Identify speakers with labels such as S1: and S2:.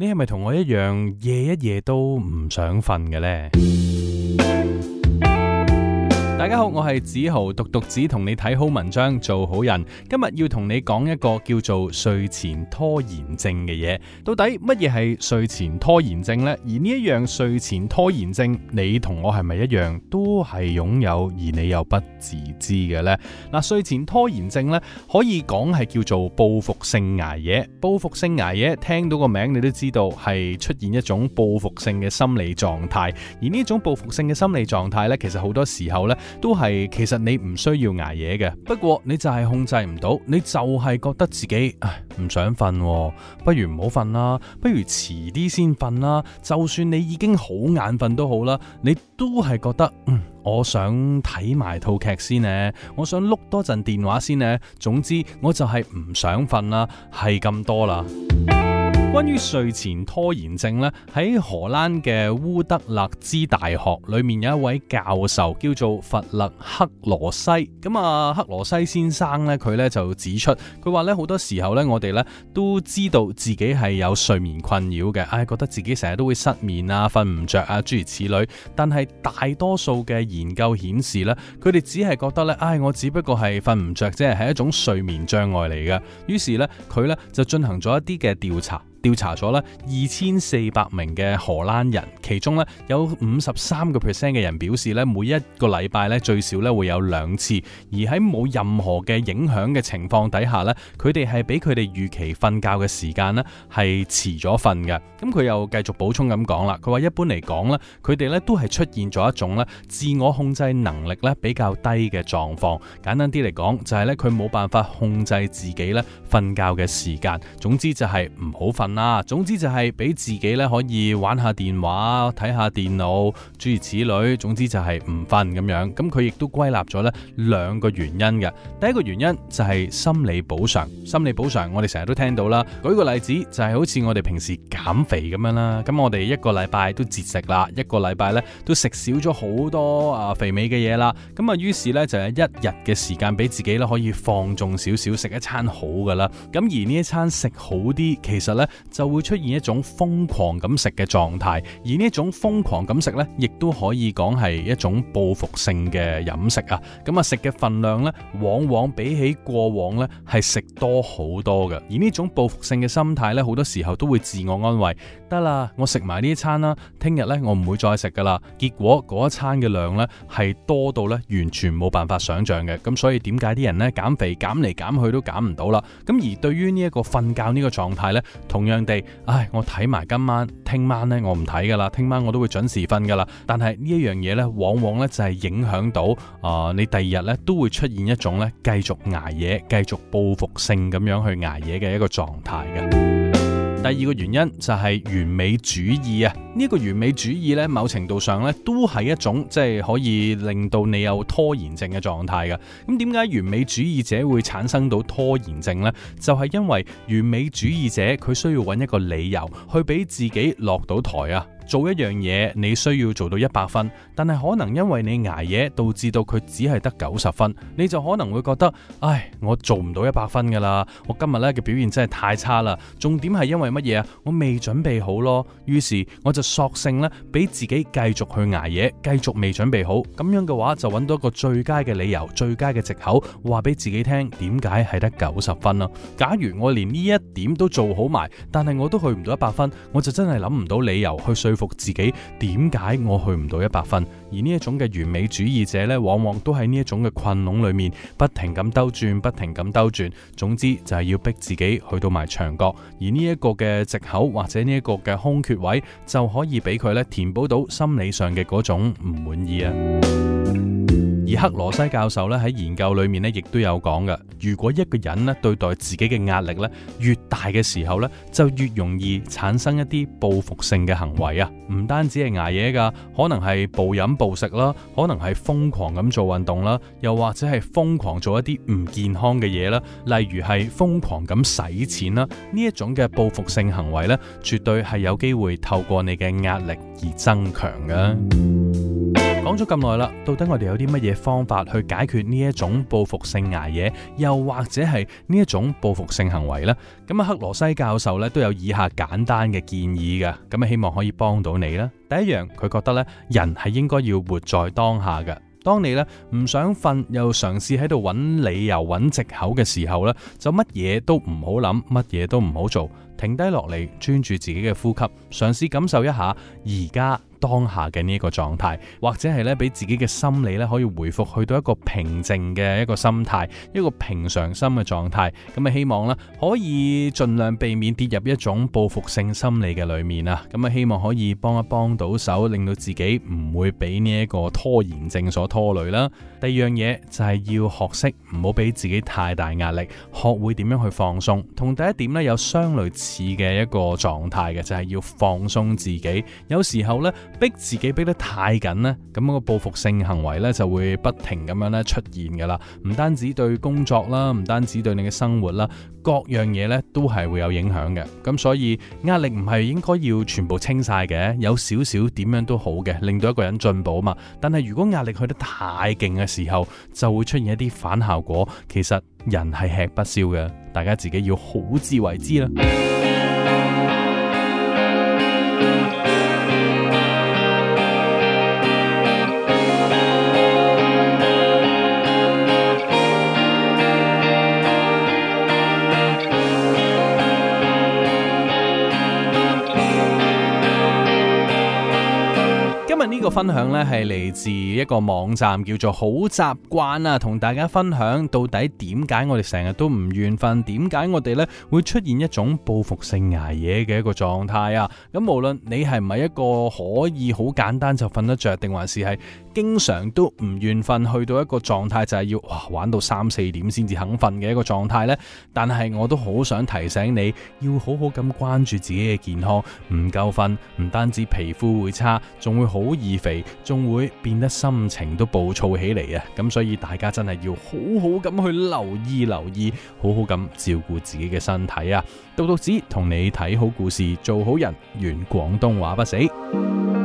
S1: 你係咪同我一樣，夜一夜都唔想瞓嘅呢？大家好，我係梓豪，獨讀子同你睇好文章，做好人。今日要同你講一個叫做睡前拖延症嘅嘢。到底乜嘢係睡前拖延症呢？而呢一樣睡前拖延症，你同我係咪一樣都係擁有，而你又不自知嘅呢？嗱，睡前拖延症呢，可以講係叫做報復性捱夜。報復性捱夜，聽到個名你都知道係出現一種報復性嘅心理狀態。而呢種報復性嘅心理狀態呢，其實好多時候呢。都係，其實你唔需要捱夜嘅。不過你就係控制唔到，你就係覺得自己唔想瞓、啊，不如唔好瞓啦，不如遲啲先瞓啦。就算你已經好眼瞓都好啦，你都係覺得，嗯，我想睇埋套劇先呢、啊，我想碌多陣電話先呢、啊。」總之，我就係唔想瞓啦、啊，係咁多啦。關於睡前拖延症咧，喺荷蘭嘅烏得勒支大學裏面有一位教授叫做弗勒克羅西。咁啊，克羅西先生咧，佢咧就指出，佢話咧好多時候咧，我哋咧都知道自己係有睡眠困擾嘅，唉、哎，覺得自己成日都會失眠啊、瞓唔着啊，諸如此類。但係大多數嘅研究顯示咧，佢哋只係覺得咧，唉、哎，我只不過係瞓唔着啫，係一種睡眠障礙嚟嘅。於是咧，佢咧就進行咗一啲嘅調查。調查咗咧二千四百名嘅荷蘭人，其中呢，有五十三個 percent 嘅人表示呢，每一個禮拜呢，最少呢會有兩次，而喺冇任何嘅影響嘅情況底下呢，佢哋係比佢哋預期瞓覺嘅時間呢，係遲咗瞓嘅。咁佢又繼續補充咁講啦，佢話一般嚟講呢，佢哋呢都係出現咗一種呢自我控制能力呢比較低嘅狀況。簡單啲嚟講，就係呢，佢冇辦法控制自己呢瞓覺嘅時間。總之就係唔好瞓。嗱，總之就係俾自己咧可以玩下電話、睇下電腦，諸如此類。總之就係唔瞓咁樣。咁佢亦都歸納咗咧兩個原因嘅。第一個原因就係心理補償。心理補償我哋成日都聽到啦。舉個例子就係好似我哋平時減肥咁樣啦。咁我哋一個禮拜都節食啦，一個禮拜咧都食少咗好多啊肥美嘅嘢啦。咁啊，於是呢，就有一日嘅時間俾自己咧可以放縱少少，食一餐好噶啦。咁而呢一餐食好啲，其實呢。就會出現一種瘋狂咁食嘅狀態，而呢一種瘋狂咁食呢，亦都可以講係一種報復性嘅飲食啊。咁啊，食嘅份量呢，往往比起過往呢，係食多好多嘅。而呢種報復性嘅心態呢，好多時候都會自我安慰：得啦，我食埋呢一餐啦，聽日呢，我唔會再食噶啦。結果嗰一餐嘅量呢，係多到呢，完全冇辦法想象嘅。咁所以點解啲人呢，減肥減嚟減去都減唔到啦？咁而對於呢一個瞓覺呢個狀態呢。同。樣地，唉、哎，我睇埋今晚，聽晚呢，我唔睇㗎喇，聽晚我都會準時瞓㗎喇。但係呢一樣嘢呢，往往呢就係影響到啊、呃，你第二日呢都會出現一種呢繼續捱夜，繼續報復性咁樣去捱夜嘅一個狀態嘅。第二個原因就係完美主義啊！呢個完美主義呢，某程度上呢都係一種即係可以令到你有拖延症嘅狀態嘅。咁點解完美主義者會產生到拖延症呢？就係因為完美主義者佢需要揾一個理由去俾自己落到台啊！做一樣嘢，你需要做到一百分，但係可能因為你挨夜，導致到佢只係得九十分，你就可能會覺得，唉，我做唔到一百分噶啦，我今日咧嘅表現真係太差啦。重點係因為乜嘢啊？我未準備好咯。於是我就索性呢，俾自己繼續去挨夜，繼續未準備好。咁樣嘅話，就揾到一個最佳嘅理由、最佳嘅借口，話俾自己聽，點解係得九十分啦？假如我連呢一點都做好埋，但係我都去唔到一百分，我就真係諗唔到理由去說服自己，點解我去唔到一百分？而呢一種嘅完美主義者呢，往往都喺呢一種嘅困籠裏面，不停咁兜轉，不停咁兜轉。總之就係要逼自己去到埋牆角，而呢一個嘅借口或者呢一個嘅空缺位，就可以俾佢呢填補到心理上嘅嗰種唔滿意啊。而克羅西教授咧喺研究裏面咧，亦都有講嘅。如果一個人咧對待自己嘅壓力咧越大嘅時候咧，就越容易產生一啲報復性嘅行為啊！唔單止係捱夜噶，可能係暴飲暴食啦，可能係瘋狂咁做運動啦，又或者係瘋狂做一啲唔健康嘅嘢啦，例如係瘋狂咁使錢啦。呢一種嘅報復性行為咧，絕對係有機會透過你嘅壓力而增強嘅。講咗咁耐啦，到底我哋有啲乜嘢方法去解決呢一種報復性挨夜，又或者係呢一種報復性行為呢？咁啊，克羅西教授咧都有以下簡單嘅建議㗎，咁啊希望可以幫到你啦。第一樣，佢覺得咧，人係應該要活在當下嘅。當你咧唔想瞓，又嘗試喺度揾理由、揾借口嘅時候咧，就乜嘢都唔好諗，乜嘢都唔好做。停低落嚟，專注自己嘅呼吸，嘗試感受一下而家當下嘅呢一個狀態，或者係咧俾自己嘅心理咧可以回復去到一個平靜嘅一個心態，一個平常心嘅狀態。咁啊希望咧可以盡量避免跌入一種報復性心理嘅裏面啊。咁啊希望可以幫一幫到手，令到自己唔會俾呢一個拖延症所拖累啦。第二樣嘢就係要學識唔好俾自己太大壓力，學會點樣去放鬆，同第一點咧有相類。似嘅一個狀態嘅，就係要放鬆自己。有時候呢，逼自己逼得太緊咧，咁個報復性行為呢，就會不停咁樣咧出現噶啦。唔單止對工作啦，唔單止對你嘅生活啦，各樣嘢呢都係會有影響嘅。咁所以壓力唔係應該要全部清晒嘅，有少少點樣都好嘅，令到一個人進步啊嘛。但係如果壓力去得太勁嘅時候，就會出現一啲反效果。其實人係吃不消嘅，大家自己要好自為之啦。呢個分享呢係嚟自一個網站叫做好習慣啊，同大家分享到底點解我哋成日都唔願瞓，點解我哋呢會出現一種報復性捱夜嘅一個狀態啊？咁無論你係唔係一個可以好簡單就瞓得着，定還是係。經常都唔願瞓，去到一個狀態就係要哇，玩到三四點先至肯瞓嘅一個狀態呢。但係我都好想提醒你，要好好咁關注自己嘅健康。唔夠瞓，唔單止皮膚會差，仲會好易肥，仲會變得心情都暴躁起嚟啊！咁所以大家真係要好好咁去留意留意，好好咁照顧自己嘅身體啊！獨讀子同你睇好故事，做好人，圓廣東話不死。